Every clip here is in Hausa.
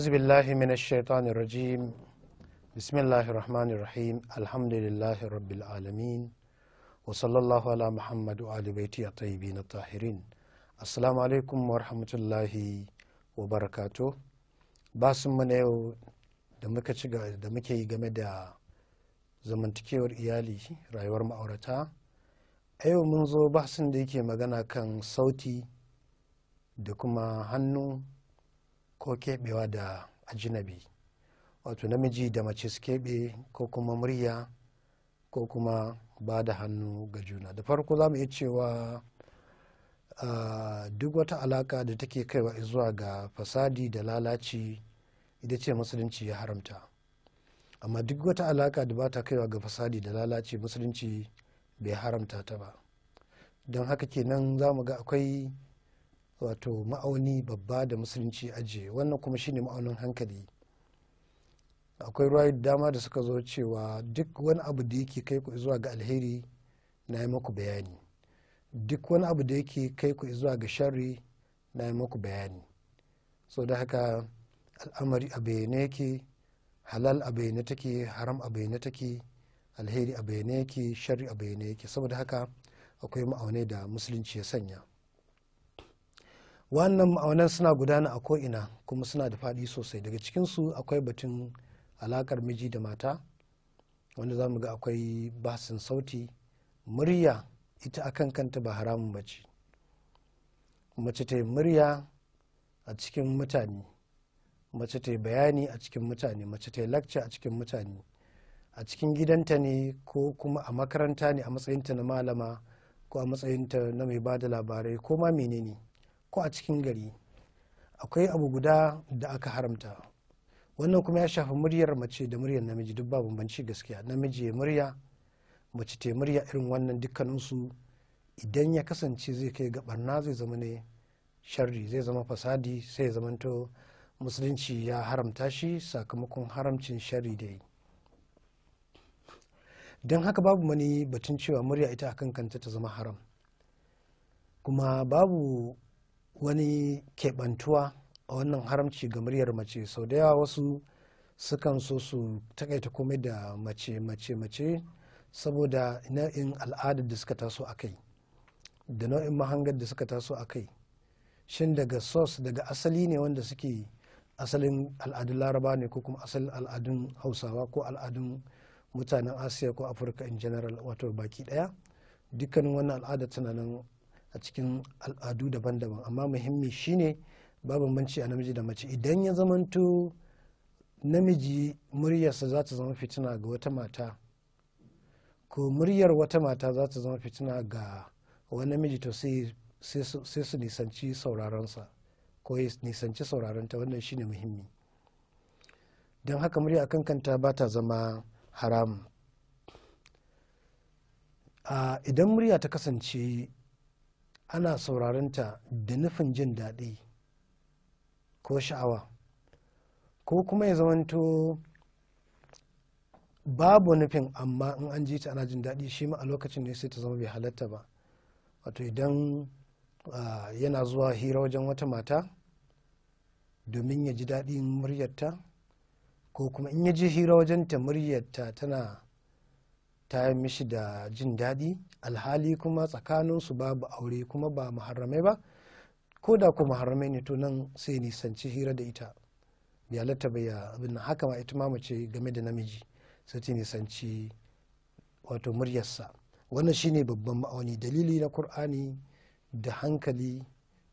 أعوذ بالله من الشيطان الرجيم بسم الله الرحمن الرحيم الحمد لله رب العالمين وصلى الله على محمد وآل بيته الطيبين الطاهرين السلام عليكم ورحمة الله وبركاته باسم mu na yau da muka ci da muke yi game da zamantakewar iyali rayuwar ma'aurata a yau mun zo basin da yake ko keɓewa da ajinabi wato namiji da mace su keɓe ko kuma murya ko kuma ba da hannu ga juna da farko za mu iya cewa duk wata alaka da take kaiwa zuwa ga fasadi da lalaci ita ce musulunci ya haramta amma duk wata alaka da ba ta kaiwa ga fasadi da lalaci musulunci bai haramta ta ba don haka kenan za mu ga akwai wato ma'auni babba da musulunci ajiye wannan kuma shine ma'aunin hankali akwai ruwayi dama da suka zo cewa duk wani abu da yake kai ku zuwa ga alheri na yi maku bayani duk wani abu da yake kai ku zuwa ga sharri na yi maku bayani so da haka al'amari a bayyane yake halal a bayyane take haram a bayyane take alheri a bayyane yake sharri a bayyane yake saboda haka akwai ma'aunai da musulunci ya sanya wannan ma'aunan suna gudana a ko'ina kuma suna da faɗi sosai daga cikinsu akwai batun alakar miji da mata wanda za mu ga akwai basin sauti murya ita akan kanta ba haramun bace mace ta murya a cikin mutane mace ta bayani a cikin mutane mace ta lakca a cikin mutane a cikin gidanta ne ko kuma a makaranta ne a matsayinta na malama ko a matsayinta na mai ba da labarai ko ma menene ne ko a cikin gari akwai abu guda da aka haramta wannan kuma ya shafi muryar mace da muryar namiji duk babu bambanci gaskiya namiji ya murya mace ta murya irin wannan dukkaninsu idan ya kasance zai kai ga barna zai zama ne sharri zai zama fasadi sai ya zamanto musulunci ya haramta shi sakamakon haramcin sharri da yi don haka babu wani batun cewa murya ita akan kanta ta zama haram kuma babu wani keɓantuwa a wannan haramci ga muryar mace sau da yawa wasu sukan so su takaita komai da mace mace mace saboda nau'in al'adar da suka taso a kai da nau'in mahangar da suka taso a kai shin daga sos daga asali ne wanda suke asalin al'adun laraba ne ko kuma asalin al'adun hausawa ko al'adun mutanen asiya ko afirka in general wato baki daya dukkanin wannan al'ada nan. a cikin al'adu daban-daban amma muhimmi shine babu banci a namiji da mace idan ya zamanto namiji muryarsa za ta zama fitina ga wata mata ko muryar wata mata za ta zama fitina ga wani namiji to sai su nisanci sauraronsa ko ya nisanci sauraronta wannan shine muhimmi don haka murya akan kanta ba ta zama haram idan murya ta kasance ana sauraronta da nufin jin daɗi ko sha'awa ko kuma ya zamanto babu nufin amma in an ji ta ana jin daɗi shi ma a lokacin ne sai ta zama bai halatta ba wato idan yana zuwa hira wajen wata mata domin ya ji daɗin muryarta ko kuma in ya ji hira wajen ta muryarta tana ta mishi da jin daɗi alhali kuma tsakaninsu babu aure kuma ba muharramai ba ko da ko muharramai ne to nan sai nisanci hira da ita bai latta bai abin nan haka ma ita ma mace game da namiji sai ta nisanci wato muryarsa wannan shine babban ma'auni dalili na kur'ani da hankali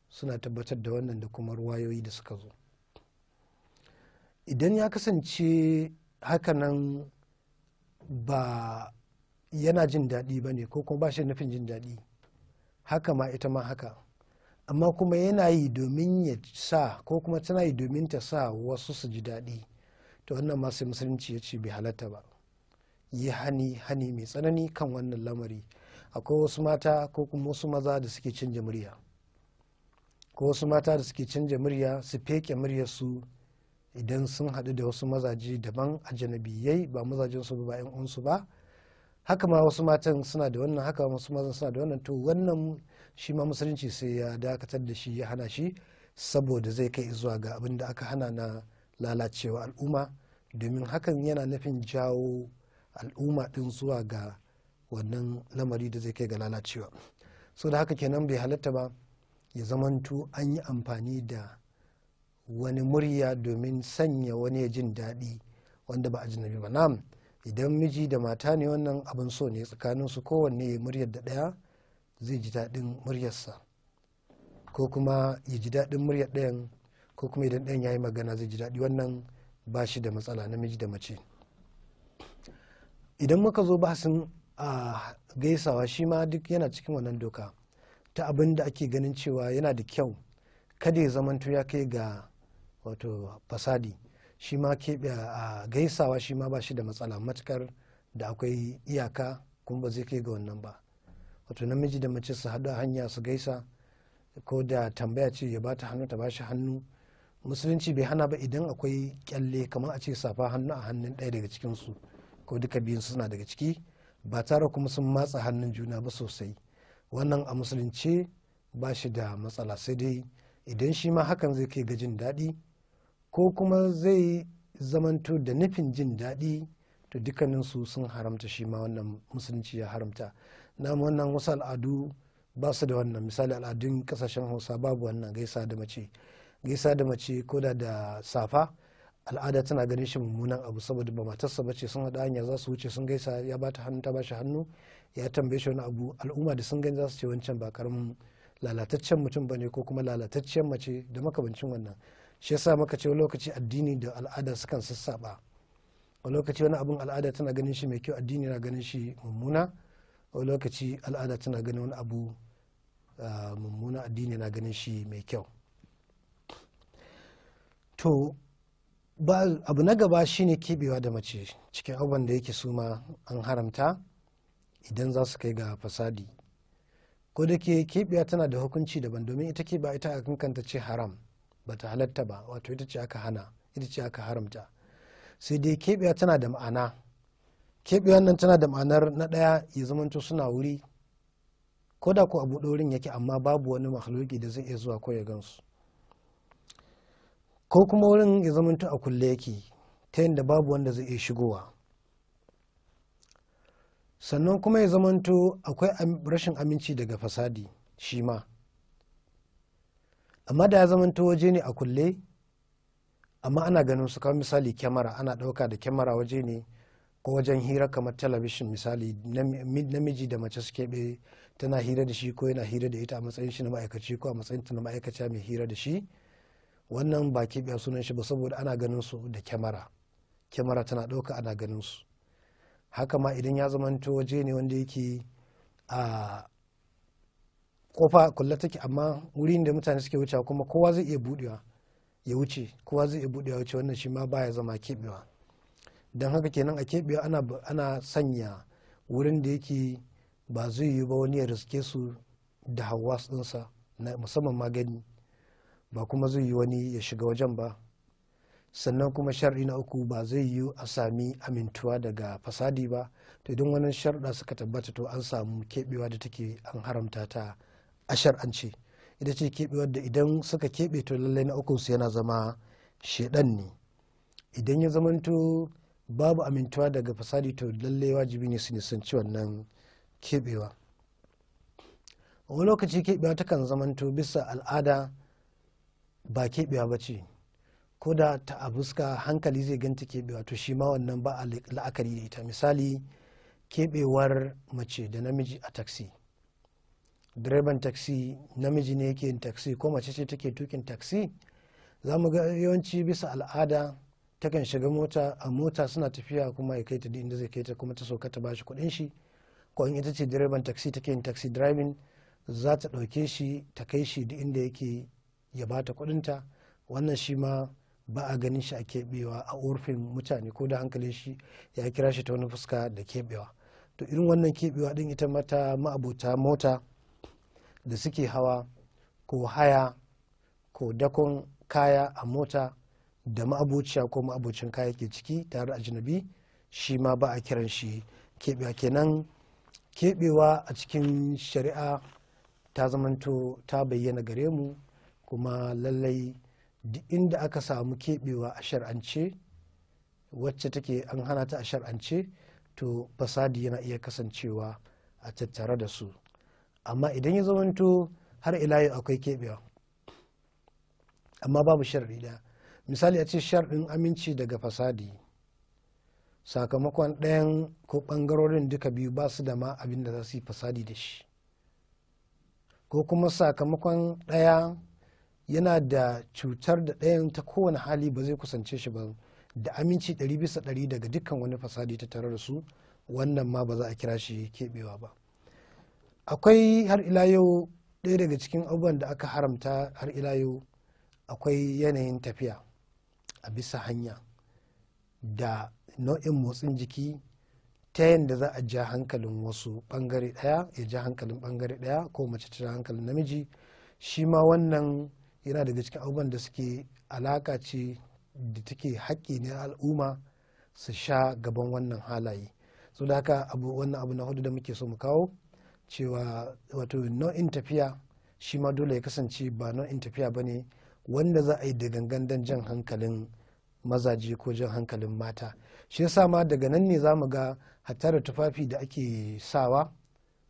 suna tabbatar da wannan da kuma ruwayoyi da suka zo idan ya kasance haka nan ba yana jin daɗi ba ne ko kuma ba shi nufin jin daɗi haka ma ita ma haka amma kuma yana yi domin ya sa ko kuma tana yi domin ta sa wasu su ji daɗi ta wannan masu musulunci ya ce bai halatta ba yi hani hani mai tsanani kan wannan lamari akwai wasu mata ko kuma wasu maza da suke canja murya ko wasu mata da suke canja murya su feke muryarsu idan sun haɗu da wasu mazaje daban a janabiyai ba mazajensu ba 'yan uwansu ba haka ma wasu matan suna da wannan haka wasu mazan suna da wannan to wannan shi ma musulunci sai ya dakatar da shi ya hana shi saboda zai kai zuwa ga abin da aka hana na lalacewa al'umma domin hakan yana nufin jawo al'umma din zuwa ga wannan lamari da zai kai ga lalacewa so da haka kenan bai halatta ba ya zamanto an yi amfani da wani murya domin sanya wani ya jin daɗi wanda ba a jinabi ba na'am idan miji da mata ne wannan abin so ne tsakanin su kowanne ya muryar da ɗaya zai ji daɗin muryarsa ko kuma ya ji daɗin muryar ɗayan ko kuma idan ɗayan ya yi magana zai ji daɗi wannan ba shi da matsala namiji da mace idan muka zo bahasin a gaisawa shi ma duk yana cikin wannan doka ta abin da ake ganin cewa yana da kyau kada ya zamanto ya kai ga wato fasadi shi ma a gaisawa shi ma ba shi da matsala matukar da akwai iyaka kuma ba zai kai ga wannan ba wato namiji da mace su haɗu a hanya su gaisa ko da tambaya ce ya bata hannu ta ba shi hannu musulunci bai hana ba idan akwai kyalle kamar a ce safa hannu a hannun ɗaya daga cikinsu ko duka biyun suna daga ciki ba tare kuma sun matsa hannun juna ba sosai wannan a musulunci ba shi da matsala sai dai idan shi ma hakan zai kai ga jin daɗi ko kuma zai zamanto da nufin jin daɗi to dukkaninsu sun haramta shi ma wannan musulunci ya haramta na wannan wasu al'adu ba su da wannan misali al'adun kasashen hausa babu wannan gaisa da mace gaisa da mace ko da da safa al'ada tana ganin shi mummunan abu saboda ba matarsa ce sun haɗa hanya za su wuce sun gaisa ya bata hannu ta ba shi hannu ya tambaye shi wani abu al'umma da sun gani za su ce wancan ba karamin lalataccen mutum ba ne ko kuma lalataccen mace da makamancin wannan shi yasa maka ce lokaci addini da al'ada sukan sassaɓa wani lokaci wani abun al'ada tana ganin shi mai kyau addini na ganin shi mummuna wani lokaci al'ada tana ganin wani abu ah, mummuna addini na ganin shi mai kyau to abu na gaba shine kebewa da mace cikin abubuwan da yake suma an haramta idan za su kai ga fasadi ko da ke kebewa tana da hukunci daban domin ita ke ba ita a kankanta ce haram ba ta halatta ba wato ita ce aka hana ita ce aka haramta sai dai keɓewa tana da ma'ana keɓewa nan tana da ma'anar na ɗaya ya zamanto suna wuri ko da ko abu ɗorin yake amma babu wani makhluki da zai iya zuwa ko ya gansu ko kuma wurin ya zamanto a kulle yake ta yadda babu wanda zai iya shigowa sannan kuma ya zamanto akwai rashin aminci daga fasadi shi ma amma da ya zamanta waje ne a kulle amma ana ganin su kamar misali kyamara ana ɗauka da kyamara waje ne ko wajen hira kamar talabishin misali namiji da mace suke be tana hira da shi ko yana hira da ita a matsayin shi na ma'aikaci ko a matsayin ta na ma'aikaci mai hira da shi wannan ba keɓe sunan shi ba saboda ana ganin su da kyamara kyamara tana ɗauka ana ganin su haka ma idan ya zamanto waje ne wanda yake a ah, kofa a kulle take amma wurin da mutane suke wucewa kuma kowa zai iya budewa ya wuce kowa zai iya budewa wuce wannan shi ma baya zama kebewa don haka kenan a kebewa ana sanya wurin da yake ba zai yi ba wani ya riske su da hawa sunsa na musamman magani ba kuma zai yi wani ya shiga wajen ba sannan kuma shar'i na uku ba zai yi a sami amintuwa daga fasadi ba to idan wani sharɗa suka tabbata to an samu keɓewa da take an haramta ta a shar'ance ita ce keɓewar da idan suka keɓe to lallai na su yana zama shaidan ne idan ya zamanto babu amintuwa daga fasadi to lallai wajibi ne su nisanci wannan keɓewa wani lokaci keɓewa takan zamanto bisa al'ada ba keɓewa ba ce ko da ta a hankali zai ganta keɓewa to shi ma wannan ba a la'akari da ita misali keɓewar mace da namiji a taksi direban taxi namiji ne yake yin taxi ko mace ce take tukin taxi za mu ga yawanci bisa al'ada takan shiga mota a mota suna tafiya kuma ya kai ta inda zai kai ta kuma ta sauka ta bashi kuɗin shi ko in ita ce direban taksi take yin taxi driving za ta ɗauke shi ta kai shi duk inda yake ya bata ta wannan shi ma ba a ganin shi a keɓewa a urfin mutane ko da hankalin shi ya kira shi ta wani fuska da keɓewa to irin wannan keɓewa din ita mata ma'abota mota da suke hawa ko haya ko dakon kaya a mota da ma'abuciya ko ma'abucin kaya ke ciki tare da jinabi shi ma ba a kiran shi keɓewa kenan keɓewa a cikin shari'a ta zamanto ta bayyana gare mu kuma lallai duk inda aka samu keɓewa a shar'ance wacce take an hana ta a shar'ance to fasadi yana iya kasancewa a tattare da su amma idan ya zamanto har ila yau akwai keɓewa amma babu sharɗi ɗaya misali a ce sharɗin aminci daga fasadi sakamakon ɗayan ko ɓangarorin duka biyu ba su da ma abin da za su yi fasadi da shi ko kuma sakamakon ɗaya yana da cutar da ɗayan ta kowane hali ba zai kusance shi ba da aminci ɗari bisa ɗari daga dukkan wani fasadi ta tare da su wannan ma ba za a kira shi keɓewa ba. akwai har ila yau ɗaya daga cikin abubuwan da aka haramta har ila yau akwai yanayin tafiya a bisa hanya da nau'in motsin jiki ta yadda za a ja hankalin wasu ɓangare ɗaya ya ja hankalin bangare ɗaya ko mace ta hankalin namiji shi ma wannan yana daga cikin abubuwan da suke alaka ce da take haƙƙi ne al'umma su sha gaban wannan halaye Sau da haka abu wannan abu na hudu da muke so mu kawo cewa wato nau'in tafiya shi ma dole ya kasance ba nau'in tafiya ba ne wanda za a yi da gangan don jan hankalin mazaje ko jan hankalin mata shi yasa ma daga nan ne za mu ga hatta da tufafi da ake sawa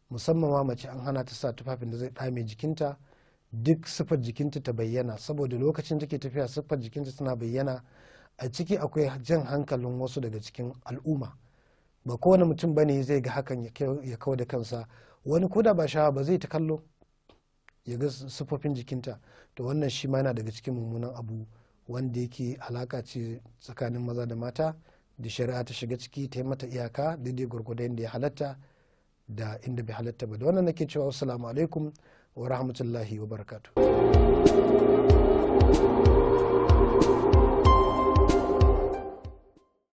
musamman ma mace an hana ta sa tufafin da zai ɗame jikinta duk siffar jikinta ta bayyana saboda lokacin take tafiya siffar jikinta tana bayyana a ciki akwai jan hankalin wasu daga cikin al'umma ba kowane mutum bane zai ga hakan ya kawo da kansa wani ko da ba shawa ba zai ta kallo ya ga siffofin jikinta to wannan shi ma yana daga cikin mummunan abu wanda yake alaka ce tsakanin maza da mata da shari'a ta shiga ciki ta yi mata iyaka daidai gwargwado da ya halatta da inda bai halatta ba da wannan nake cewa assalamu alaikum wa rahmatullahi wa barakatuh